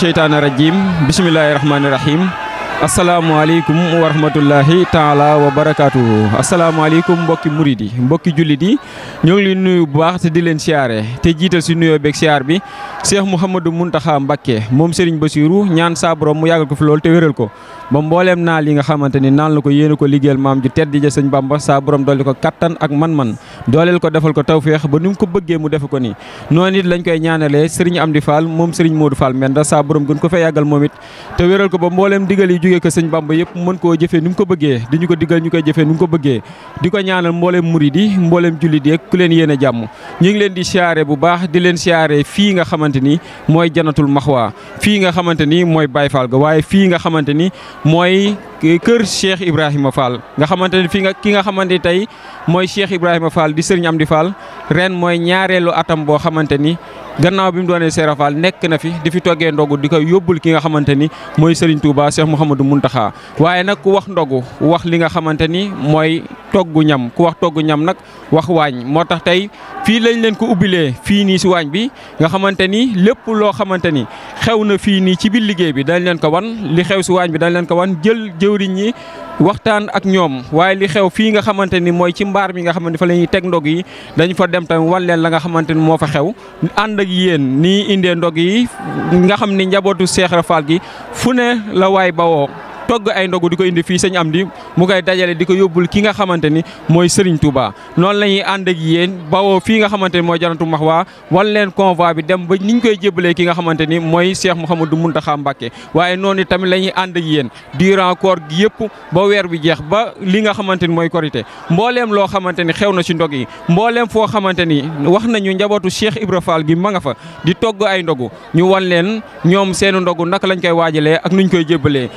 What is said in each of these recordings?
sheytaani rajiim bismillaahi rahmaani rahiim asalaamaaleykum wa rahmatullahi taala wa barakaatuhu asalaamaaleykum mbokki murid yi mbokki jullit yi ñoo ngi leen nuyu bu baax te di leen siyaare te jiital si nuyoo beeg siyaar bi Cheikh Mouhamadou Mountakha Mbacké moom Serigne Bassirou ñaan saa borom mu yàggal ko fi loolu te wéral ko ba mbooleem naal yi nga xamante ni naan la ko yéen ko liggéeyal maam ju tedd ja sëñ Bamba saa borom ko kattan ak man-man dooleel ko defal ko tawféex ba nu mu ko bëggee mu defe ko nii noon it lañ koy ñaanalee Serigne Amdi Fall moom Serigne Modou Fall Menda saa borom gën ko fa yàggal moom it te liggéey ko sëñ Bamba yëpp mën koo jëfee ni mu ko bëggee di ko diggal ñu koy jëfee ni mu ko bëggee di ko ñaanal mbooleem murid yi mbooleem jullit yi ku leen yéene jàmm ñu ngi leen di siyaare bu baax di leen siyaare fii nga xamante ni mooy janatul max waa fii nga xamante ni mooy Baye Fall ga waaye fii nga xamante ni mooy kër Cheikh Ibrahima Fall nga xamante ni fii nga ki nga xamante ni tey mooy Cheikh Ibrahima Fall di sëriñ di Fall reen mooy ñaareelu atam boo xamante ni gannaaw bi mu doonee Serigne Fall nekk na fi di fi toggee ndogu di koy yóbbul ki nga xamante ni mooy Serigne Touba Cheikh Mouhamadou Mountakha waaye nag wax ndogu wax li nga xamante ni mooy toggu ñam ku wax toggu ñam nag wax waañ moo tax tey fii lañ leen ko ubbilee fii nii si waañ bi nga xamante ni lépp loo xamante ni xew na fii nii ci biir liggéey bi dañ leen ko wan li xew si waañ bi dañ leen ko wan jël jëwriñ ñi waxtaan ak ñoom waaye li xew fii nga xamante ni mooy ci mbaar mi nga xamante fa teg ndog yi dem tamit leen la nga xamante ni moo fa xew ànd ak yéen ni indee ndog yi nga xam ni njabootu Cheikh Rafal gi fu ne la waay bawoo togg ay ndogu di ko indi fii sëñ Amdi mu koy dajale di ko yóbbul ki nga xamante ni mooy Serigne Touba noonu la ñuy ànd ak yéen bawoo fii nga xamante ni mooy Jannatul Mahwa wan leen convoi bi dem ba niñ koy jébalee ki nga xamante ni mooy Cheikh Mouhamadou Mountakha Mbacké waaye noonu tamit lañuy ànd ak yéen durant koor gi yëpp ba weer bi jeex ba li nga xamante ni mooy korité mbooleem loo xamante ni xew na ci ndog yi mbooleem foo xamante ni wax nañu njabootu Cheikh Ibra gi ma nga fa di togg ay ndogu ñu wan leen ñoom seen ndogu naka lañ koy waajalee ak nuñ koy jébalee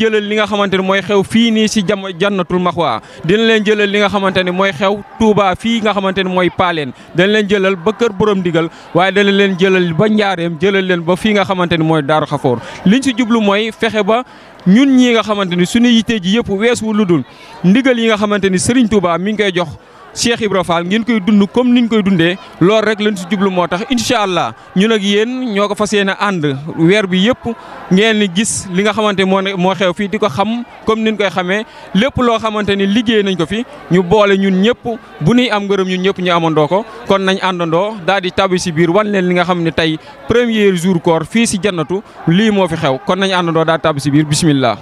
jëlal li nga xamante ni mooy xew fii nii si jam jannatul maxwa dina leen jëlal li nga xamante ni mooy xew Touba fii nga xamante ni mooy paaleen dana leen jëlal ba kër borom digal waaye dana leen jëlal ba njaareem jëlal leen ba fii nga xamante ni mooy daaru xafoor liñ si jublu mooy fexe ba ñun ñii nga xamante ni suñu yitte ji yëpp weesu lu dul ndigal yi nga xamante ni Serigne Touba mi ngi koy jox Cheikh Ibra Fall ngeen koy dund comme niñ koy dundee loolu rek lañ si jublu moo tax incha allah ñun ak yéen ñoo ko fas yéene ànd weer bi yëpp ngeen ni gis li nga xamante moo moo xew fii di ko xam comme niñ koy xamee lépp loo xamante ni liggéey nañ ko fi ñu boole ñun ñëpp bu nuy am ngërëm ñun ñëpp ñu amandoo ko kon nañ àndandoo daal di tabi si biir wan leen li nga xam ne tey premier jour koor fii si jannatu lii moo fi xew kon nañ àndandoo daa di tabi si biir bismillah.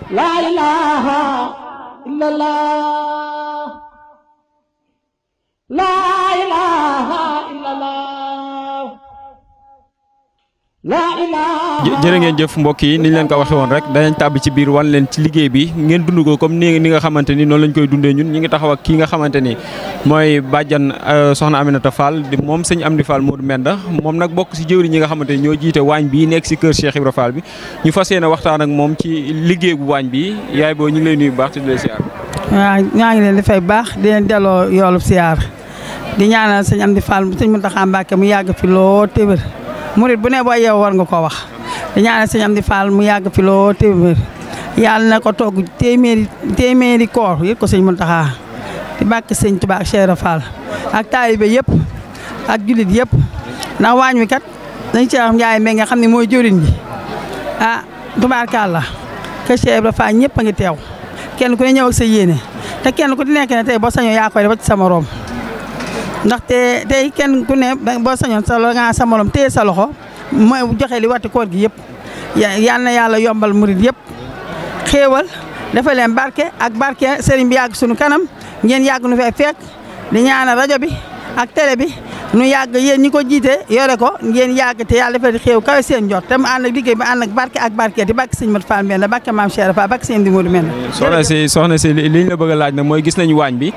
laa ilaaha illallaah jërë ngeen jëf mbokk yi ni ñu leen ko waxee woon rek danañ tàbb ci biir wan leen ci liggéey bi ngeen dund ko comme ni nga xamante ni noonu lañ koy dundee ñun ñi ngi taxaw ak ki nga xamante ni mooy bàjjan euh, soxna Aminata Fall di moom sëñ Amdi Fall Modou Menda moom nag bokk si jëwri ñi nga xamante ni ñoo jiite waañ bi nekk si kër Cheikh Ibra Fall bi ñu fas yéene waxtaan ak moom ci liggéey bu waañ bi yaay boo ñu ngi baax te di lay siyaar waaw ñaa ngi di ñaanal sëñ Amdi Fall sëñ Muntaxa Mbàkke mu yàgg fi loo téwér murit bu ne boo yeew war nga koo wax di ñaanal sëñ Amdi Fall mu yàgg fi loo téwér na ko togg téeméeri téeméeri koor yëpp ko sëñ Muntaxa di bàkk sëñ Tuubaa ak Cheikh yëpp ak jullit yëpp ndax waañ wi dañ ci wax Njaay nga xam ne mooy jëriñ bi ah tubaarkàlla ke Cheikh Ibra Fall ñëpp ngi teew kenn ku ne ñëw sa yéene te kenn ku di nekk ne tey boo sañoo yaa koy def ba ci sa morom ndaxte tey kenn ku ne boo sañoon sa loxo nga sa morom téye sa loxo mooy joxee li wati koor gi yëpp yal na yàlla yombal murit yëpp xéewal dafa leen barke ak barke sëriñ bi yàgg sunu kanam ngeen yàgg nu fee fekk di ñaanal rajo bi ak télé bi. nu yàgg yéen ñi ko jiite yore ko ngeen yàgg te yàlla defal xéew kawe seen jot te mu ànd ak liggéey bi ànd ak barke ak barke di bàkk sëñ Mat Fall mel na maam Cheikh Fall bàkk seen di mooy gis nañu waañ bi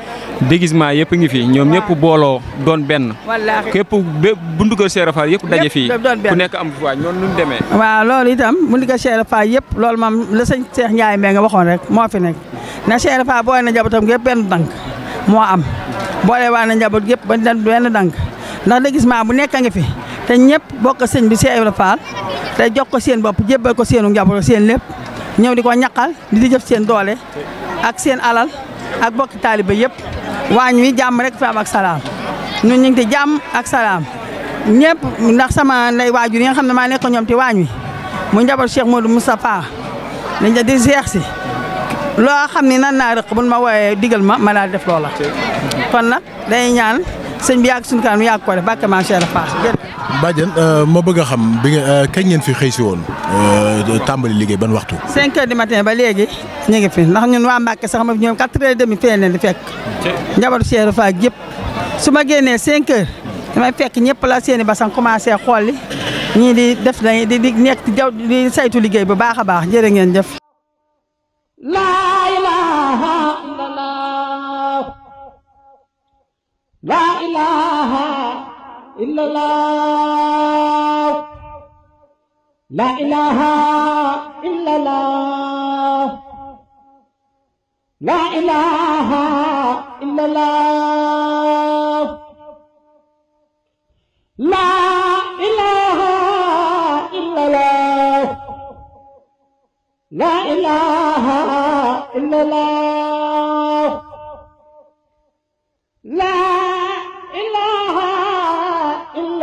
déguisement yëpp ngi fi ñoom ñëpp booloo doon benn képp buntu kër Cheikh Fall yëpp daje fii ku nekk am waañ noonu demee waaw loolu itam buntu yëpp loolu moom la sëñ Cheikh Ndiaye nga waxoon rek moo fi nekk na Cheikh Fall booy na njabootam yëpp benn dank moo am boolee waa na njaboot yëpp benn dank ndax légissement bu nekk a ngi fi te ñëpp bokk sëñ bi Cheikh Ibra Fall te jox ko seen bopp jébbal ko seenu njaboot seen lépp ñëw di ko ñaqal di di jëf seen doole ak seen alal ak bokki taaliba yépp waañ wi jàmm rek fi am ak salaam ñun ñu ngi ci jàmm ak salaam ñëpp ndax sama nday waajur yi nga xam ne maa nekk ñoom ci waañ wi mu njaboot Cheikh Modou Moustapha dañ la di seex si loo xam ne nan naa rëq bu ma wooyee digal ma ma daal def loola kon nag day ñaan sëñ bi yàgg suñu kanam yàgg ko def bàkke maam Cheikh Fall bàjjen euh, ma bëgg xam bi nga euh, fi xëy si woon euh, tàmbali liggéey ban waxtu. 5 heures du matin ba léegi ñu ngi fi ndax ñun waa Mbacke sax ma ñoom 4 heures et demi fee leen di fekk. njabootu Cheikh Fall yëpp su ma génnee 5 heures damay fekk ñëpp la ba san commencé xool ñii di def nañ di di nekk di saytu liggéey bu baax a baax jërë ngeen jëf. laa ilaaha illallah laa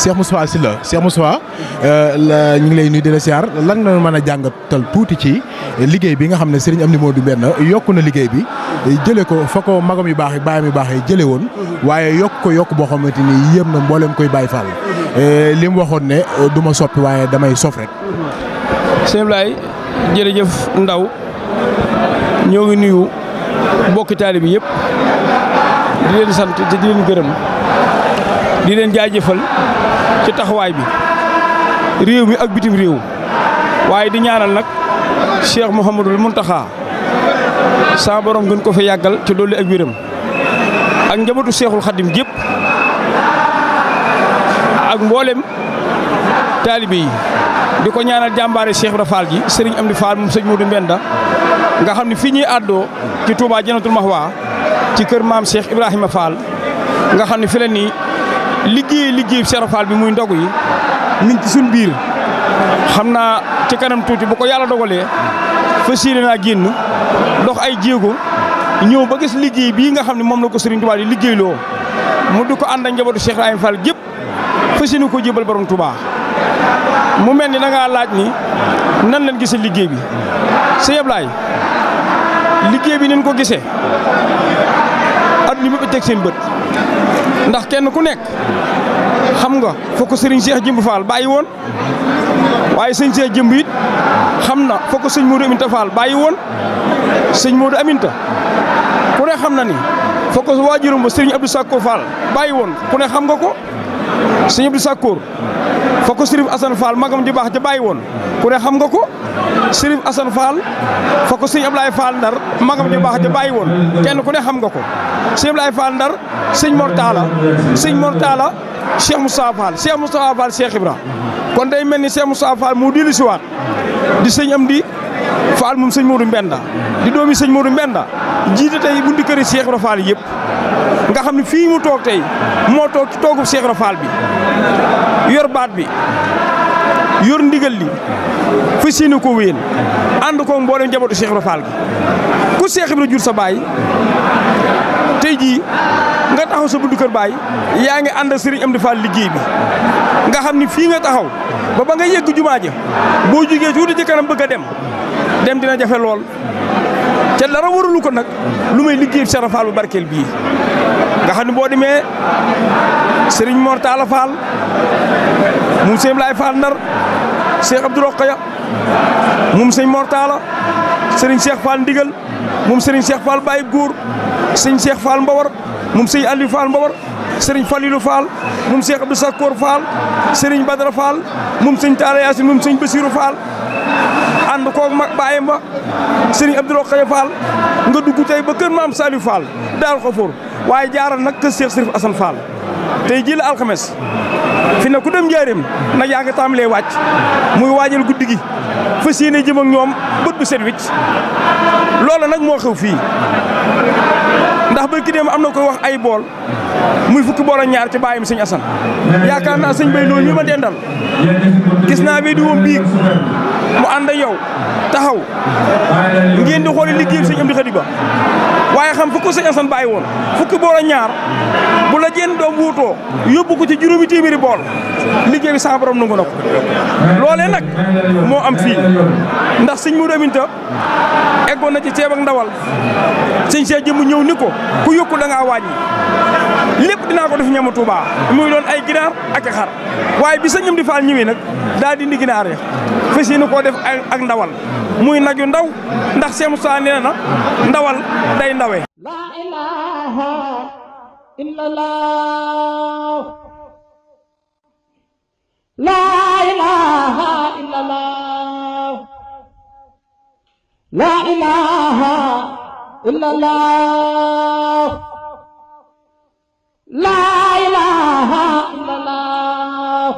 Cheikh Moustapha Sylla Cheikh Moustapha euh, la ñu ngi lay nuyu di la siyaar lan la mën a jàngatal tuuti ci liggéey bi nga xam ne Serigne Amdi Modou Mbenn yokku na liggéey bi jëlee ko fa ko magam yu baax yi baayam yu baax yi jëlee woon waaye yokk ko yokk boo xamante ni yéem na mboolem koy bàyyi Fall euh, li mu waxoon ne euh, du ma soppi waaye damay sof rek. sëñ Ablaye jërëjëf Ndaw ñoo ngi nuyu mbokki taalibe yëpp di leen sant te di leen gërëm di leen jaajëfal. ci taxawaay bi réew mi ak bitim réew waaye di ñaanal nag Cheikh Mouhamadul Mountakha saa borom gën ko fa yàggal ci dolli ak wéram ak njabootu Cheikhul Khadim gépp ak mboolem taalibe yi di ko ñaanal jàmbaare Cheikh Ibra Fall ji Serigne Amdi Fall moom sëñ Modou Mbenda nga xam ne fii ñuy àddoo ci Touba Jannatul Mahwa ci kër maam Cheikh Ibrahima Fall nga xam ne fi nii liggéey liggéey Cheikh Fall bi muy ndogu yi mi suñ biir xam naa ci kanam tuuti bu ko yàlla dogalee fas yéene naa génn dox ay jéego ñëw ba gis liggéey bi nga xam ne moom la ko Serigne Touba di liggéey mu di ko ànd a njabootu Cheikh Ibrahima Fall gépp fas yéene ko jébal borom Touba mu mel ni da laaj ni nan lañ gisee liggéey bi sëñ liggéey bi nañ ko gisee at ñi ba teg seen bët. ndax kenn ku nekk xam nga fokk sëriñ Cheikh Jëmb Fall bàyyi woon waaye sëñ Cheikh Jëmb it xam na fokk sëñ Modou Aminta Fall bàyyi woon sëñ Modou Aminta ku ne xam na ni fokk waajuram ba sëriñ Abdou Sakko Fall bàyyi woon ku ne xam nga ko. sëñ Abdou Sakkoor fa ko Sërif Assane Fall magam ju baax ja bàyyi woon ku ne xam nga ko Sërif Assane Fall fa ko sëñ Ablaye Fall Ndar magam ju baax ja bàyyi woon kenn ku ne xam nga ko sëñ Ablaye Fall Ndar sëñ Mor Talla sëñ Mor Talla Cheikh Moustapha Fall Cheikh Moustapha Fall Cheikh Ibra kon day mel ni Cheikh Moustapha Fall mu dellu si waat di sëñ am di Fall moom sëñ Modou Mbenda di doomi sëñ Modou Mbenda jiite tey buntu këri Cheikh Ibra Fall yëpp nga xam ne fii mu toog tey moo toog ci toog Cheikh Ibra Fall bi yor baat bi yor ndigal li fa séenu ko wéyal ànd ko mboolem njabootu Cheikh Ibra Fall gi ku Cheikh jur sa baay tey jii nga taxaw sa buntu baay yaa ngi ànd Serigne Amdi Fall liggéey bi nga xam ni fii nga taxaw ba ba nga yegg jumaa ja boo jugee tuuti ci kanam bëgg a dem dem dina jafe lool te dara waralu ko nag lu may liggéey Cheikh Fall bu barkeel bii nga xam ne boo demee Serigne Mor Talla Fall moom sëñ Laay Ndar Cheikh Abdou Rokhaya moom sëñ Mor Talla Serigne Cheikh Ndigal moom Serigne Cheikh Fall Baye Góor sëñ Cheikh Fall Mbawar moom sëñ Aliou Fall Mbawar Serigne Falilou Fall moom Cheikh Abdou Sakkoor Fall Serigne Badara Fall moom sëñ Talla Yaasin moom sëñ Basirou Fall ànd ko mag ma ba sëriñ Abdou Rokhaya Fall nga dugg tey ba kër maam Saliou Fall daal ko for waaye jaaral nag kër Cheikh Sërif Assane Fall tey jii la alxames fi ne ku dem njaareem nag yaa ngi tàmbalee wàcc muy waajal guddi gi fas yéene jëm ñoom bët bu set wicc loolu nag moo fii ndax barki am na koy wax ay bool muy fukki bool ak ñaar ci baay bàyyam sëñ Assane yaakaar naa señ Bay loolu ñu ma dendal gis naa vidéo bii mu ànd ak yow taxaw ngeen di xooli liggéeyam sëñ Amdi Xadi Ba waaye xam fukk sëñ Assane bàyyi woon fukki bool ak ñaar bu la jeen doom wuutoo yóbbu ko ci juróomi téeméeri bool liggéey bi sa borom nangu na ko loolee nag moo am fii ndax sëñ mu Aminta eggoon na ci ceeb ak ndawal sëñ see jëmm ñëw ni ko ku yokku da ngaa wàññi lépp dina ko def ñamu Touba muy doon ay ginaar ak xar waaye bi sëñ Amdi Fall ñëwee nag ginaar ya fas yéene def ak ndawal muy nag yu ndaw ndax Cheikh Moussa nee na ndawal day ndawee la ilaha illallah laa ilaaha illallah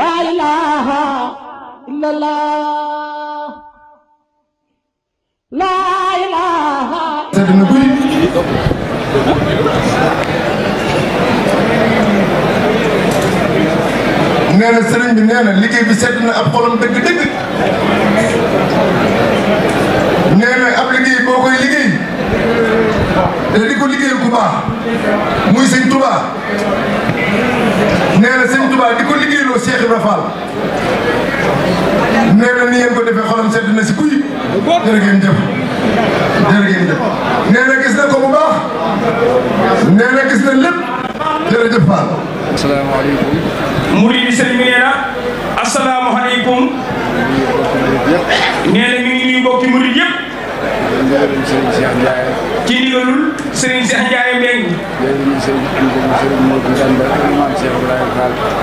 laa ilaaha illallah laa ilaaha nee na sëriñ bi nee na liggéey bi sedd na ab xolam dëgg-dëgg nee na ab te di ko liggéeyal bu baax muy sëñ Touba na sëñ di ko liggéeyloo Cheikh na ni ko defee xolam sedd na si kuy jërë ngeen jëf na gis na ko bu baax nee na gis na lépp jërëjëf Fall. asalaamaaleykum. Mouride sëñ bi nee na asalaamaaleykum. nee na mi ngi nuyu mbokki Mouride ndigalul Serigne Cheikh Ndiaye. ci ndigalul Serigne Cheikh Ndiaye Mbengue.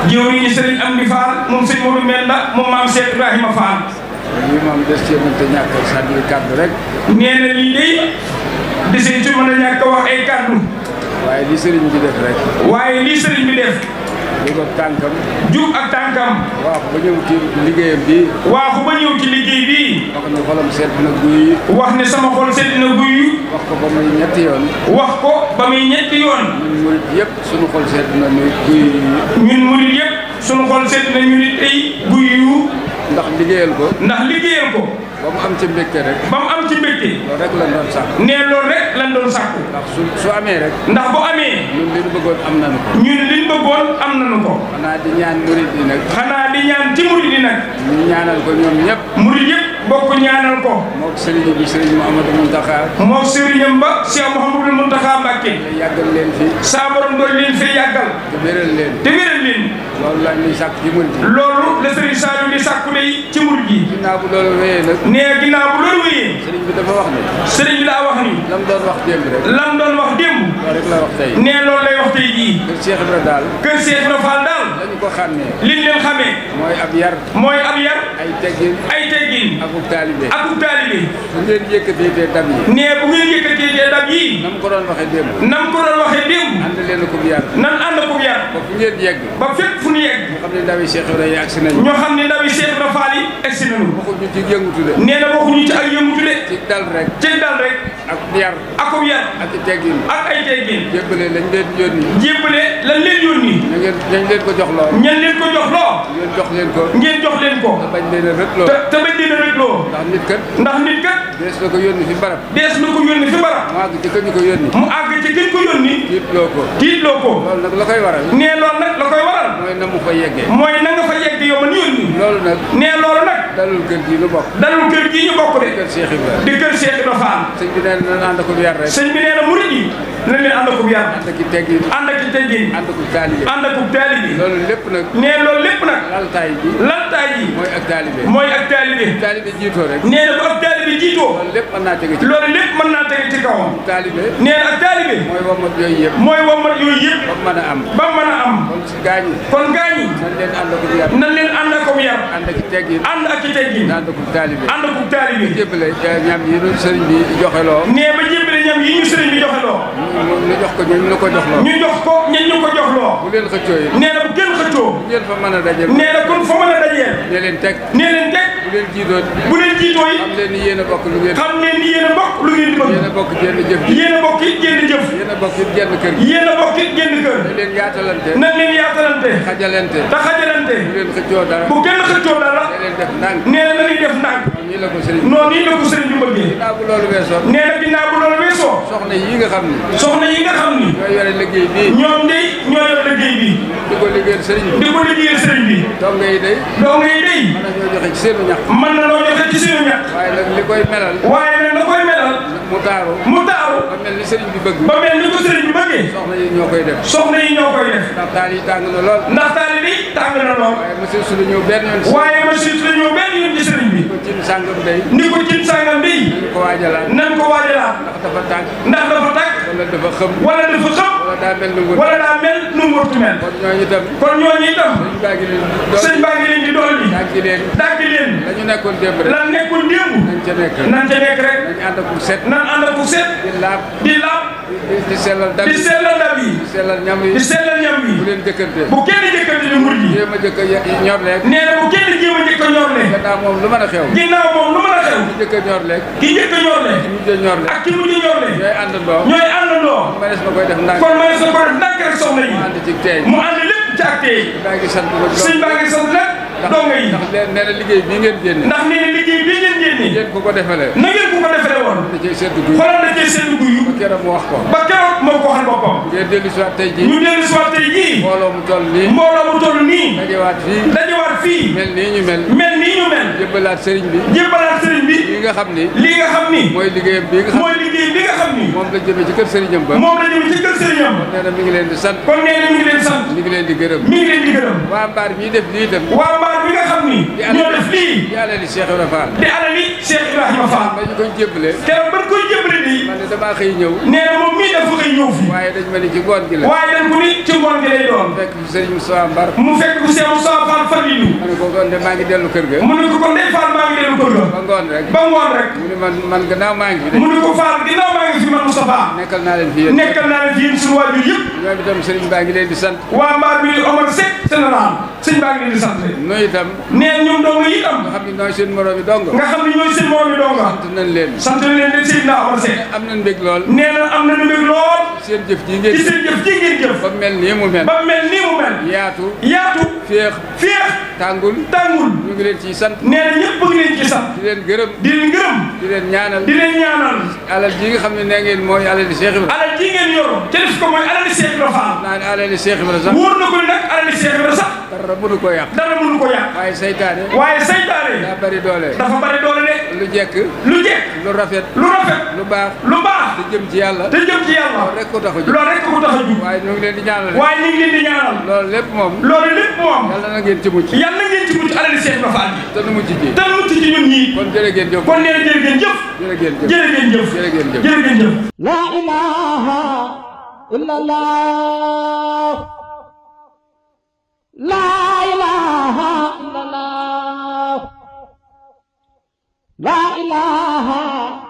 jëwriñu Serigne am di Serigne Amdi Fall moom Serigne Modou Mbenda moom maam Cheikh Ibrahima Fall. lii moom des ci mën te ñàkk a sànni kàddu rek. nee na lii de desee ci mën a ñàkk a wax ay kàddu. waaye li Serigne bi def rek. waaye li Serigne bi def. jug ak tànkam. jug ak tànkam. waaw ba ñëw ci liggéeyam bi. waaw ba ñëw ci liggéey bi. wax ne xolam sedd na guy. wax ne sama xol sedd na guy. wax ko ba muy ñetti yoon. wax ko ba muy ñetti yoon. ñun murit yëpp sunu xol sedd na yëpp sunu xol sedd na ñu nit ay guy yu. ndax liggéeyal ko. ndax liggéeyal ko. ba mu am ci mbégte rek. ba mu am ci mbégte. loolu rek lan doon sàkku. nee loolu rek lan doon sàkku. ndax su su amee rek. ndax bu amee. ñun li ñu bëggoon am nañu ko. ñun li ñu bëggoon am nañu ko. xanaa di ñaan murid yi nag. xanaa di ñaan ci murid yi nag. ñu ñaanal ko ñoom ñëpp. murid yëpp bokk ñaanal ko. moog Serigne bi Serigne Mouhamadou Mountakha. moog Serigne ba Cheikh Mouhamadou Mountakha Mbacké. yàggal leen fi. saa borom doon leen fi yàggal. te wéral leen. te wéral leen. loolu la ñuy sàkk ci murid yi. loolu la Serigne Saliou di sàkku day ci murid yi. ginnaaw bu loolu wéyee nee ginnaaw loolu wéyee. dafa wax ni. Serigne wax ni. lam doon wax démb rek. lam doon la wax tey. nee loolu lay wax tey jii. kër Cheikh Ibrahima daal. kër Cheikh Ibrahima Fall daal. lañ ko xàmmee. liñ leen xàmmee. mooy ab yar. mooy ab yar. ay teggin. ay teggin. akub taalibe. akub taalibe. bu ngeen yëkkatee tee dab yi. nee bu ngeen yëkkatee tee dab yi. na mu ko doon waxee démb. na mu ko doon waxee démb. ànd leen akub yar. nan ba fu ñu yegg. ba fépp fu ñu yegg. ñoo xam ne ndawi Cheikh Ibrahima agsi nañu. ñoo xam ne ndawi Cheikh Ibrahima Fall yi agsi nañu. waxuñu ci yëngutu de. nee na waxuñu ci ak yëngutu de. ci dal rek. ci dal rek. ak yar. ak yar. ak teggin. ak ay teggin. jébbale lañ leen yónni. jébbale lañ leen yónni. na ngeen nañ leen ko jox loo. ñan leen ko jox loo. ngeen jox leen ko. ngeen jox leen ko. te bañ leen a rëtloo. te te bañ leen a rëtloo. ndax nit kat. ndax nit kat. dees na ko yónni fi barab. dees na ko yónni fi barab. mu àgg ci kañ ko yónni. mu àgg ci kañ ko yónni. tiitloo ko. tiitloo ko. loolu nag la koy waral. nee loolu nag la koy waral. mooy na mu fa yeggee. mooy na nga fa yeggee yow man yónni. loolu nag nee loolu nag. dalul kër gii ñu bokk. di kër Cheikh Ibrahima di kër Cheikh Ibrahima Fall. sëñ bi nee na ànd ko yar rek. sëñ bi nee na murid yi na leen ànd ko yar. ànd ki teggin ànd ki teggin. ànd ko taalibe ànd ko taalibe. loolu lépp nag. nee loolu lépp nag. laltaay ji laltaay ji. mooy ak taalibe mooy ak taalibe. jiitoo rek. bi jiitoo loolu lépp mën naa tege ci loolu lépp mën na ak taalibe mooy womat yooyu yëpp mooy womat yooyu yëpp ba mën a am ba mën a am kon gaañi kon gaañi nan leen ànd ak ko bu yar. ànd ak i teggin ànd ak i teggin. ànd ak ub taalibe ànd ak ub taalibe. ba eh, jébbale ñam yi ñu sëriñ bi joxe loo. nee ba jébbale ñam yi ñu sëriñ bi joxe loo. ñu jox ko ñu ñu ko jox loo. ñu jox ko ñu ñu ko jox loo. bu leen xëccoo yi. nee na bu gën xëccoo. bu ngeen fa mën a dajeel. nee na kon fa mën a dajeel. nee leen teg nee leen teg. bu leen jiitoo bu leen jiitoo yi. xam leen ni yéen a bokk lu ngeen. xam leen ni yéen a bokk lu ngeen di bëgg. yéen a bokk jenn jëf ji. yéen a bokk it jenn jëf. yéen a bokk it jenn kër gi. yéen a bokk it jenn kër. na leen yaatalante. na leen yaatalante. xajalante. te xajalante. bu leen xëccoo dara. bu kenn xëccoo dara nee na dañuy def ndànk noonu nii la ko sëriñ bi bëggee nee na ginnaaw bu loolu weesoo soxna yi nga xam ni soxna yi nga xam ni ñoo yore liggéey bi ñoom de ñoo yore liggéey bi di ko liggéeyal sëriñ bi di ko liggéeyal sëriñ bi donga yi day donga yi day mën na ñoo joxe ci seenu ñax mën na noo joxe ci seenu ñax waaye nag li koy melal waaye nag la koy melal mu taaru mu taaru ba mel ni sëriñ bi bëgg ba mel ni ko sëriñ bi bëggee ñoo koy def soxna yi ñoo koy def ndax taal tàng na lool. waaye monsieur Sula ñëw benn yoon. waaye monsieur Sula ñëw benn yoon ci sëriñ bi. ni ko cin sàngam day. ni ko cin sàngam day. nan ko waajalaat nan ko waajalaat. ndax dafa tàng. ndax dafa tàng. wala dafa xam. wala dafa xam. wala daa mel nu mu. wala ñu nekkoon démb rek. la nekkoon set. di laab di laab. di sellal dab yi di sellal ñam yi di sellal ñam yi. bu leen jëkkante. bu kenn jëkkante ni mur yi. jéem a jëkk a ñor leeg. nee na bu kenn jéem a jëkk a ñor leeg. a xew. a ki jëkk a ñor jëkk a ñor leeg. ki mujj a ñor leeg. ak ki mujj a ñor leeg. ñooy àndandoo. àndandoo. kon mënees na koy def ndànk kon mënees na koy def ndànk rek soxna yi. mu ànd ci tey mu ànd lépp ci ak tey. sëñ baa ngi sant nag. donga yi ndax nee na liggéey bii ngeen génne. ndax nee na liggéey bii ngeen génne. ngeen ko ko defalee. na ngeen ko ko defalee woon. da cee seetlu guy xoolal da cee seetlu guy. ba keroog mu wax ko. ba keroog moo ko waxal boppam. ngeen dellu si waat tey jii. ñu dellu si waat tey jii. mbooloo mu toll nii. mbooloo mu toll nii. dajewaat fii. dajewaat fii. mel nii ñu mel. mel nii ñu mel. jébbalaat sëriñ bi. jébbalaat sëriñ bi. li nga xam ni. li nga xam ni. mooy liggéeyam bi nga xam mooy liggéey bi nga xam ni. moom la jëmee ci kër sëriñam ba. moom la jëmee ci kër sëriñam ba. kon nee na mi ngi leen di sant. kon nee na mi ngi leen di sant. mi ngi leen di gërëm. mi ngi leen di gërëm. waa mbaar mi def lii itam. waa mbaar mi nga xam ni. ñoo def lii. di alali Cheikh Ibrahima Fall. di alali Cheikh Ibrahima Fall. dañu koy jébbale. keroog ba ñu koy jébbale nii. damaa xëy ñëw. nee na moom mii dafa xëy ñëw fii. waaye dañ ma ni ci ngoon gi la. waaye dañ ko ni ci ngoon gi lay doon. fekk bu sëriñ Moussa Mbar. mu fekk bu sëriñ Moussa Mbar fan yi mu ne ko kon de maa ngi dellu kër ga. mu ne ko kon de Fall maa ngi dellu kër ga. ba ngoon rek ba ngoon rek. mu ne man man gannaaw maa ngi fi de. mu ne ko Fall gannaaw maa ngi fi man Moustapha. nekkal naa leen fi yéen nekkal naa leen fi yéen suñu waajur yëpp. ñoom itam sëriñ baa ngi leen di sant. waa mbaar bi Omar Seck général sëñ baa ngi leen di sant nooy itam neen ñoom dong itam nga xam ne nooy seen morom yi dong nga xam ne ñooy seen morom yi dong sant nañ leen sant nañ leen sëñ naa Omar Seck am na nañu bég lool nee na am nañu bég lool ci seen jëf ji ngeen ci seen jëf ji ngeen jëf ba mel nii mu mel ba mel nii mu mel yaatu yaatu féex féex tàngul tàngul ñu ngi leen ciy sant nee na ñëpp ngi leen ciy sant di leen gërëm di leen gërëm di leen ñaanal di leen ñaanal alal ji nga xam ne nee ngeen mooy alal di Cheikh Ibrahima alal ji ngeen yoro te def ko mooy alal di Cheikh Ibrahima Fall naa ne alal di Cheikh Ibrahima sax wóor na ko nag alal di Cheikh Ibrahima sax dara mënu ko yàq dara mënu ko yàq waaye saytaane waaye saytaane daa bari doole dafa bari doole de lu jekk lu jekk lu rafet lu rafet lu baax lu baax te jëm ci yàlla te jëm ci yàlla loolu rek ko tax a jug loolu rek ko tax a jug waaye ñu ngi leen di ñaanal waaye ñu ngi leen di ñaanal loolu lépp moom loolu lépp moom yàlla na ngeen ci mucc yàlla na ngeen ci mucc alali seet ba faat bi te nu mucc ci te nu mucc ci ñun ñii kon jërë ngeen jëf kon nee na jërë ngeen jëf jërë ngeen jëf jërë ngeen jëf jërë ngeen jëf jërë ngeen jëf la ilaha illallah la ilaha illallah la ilaha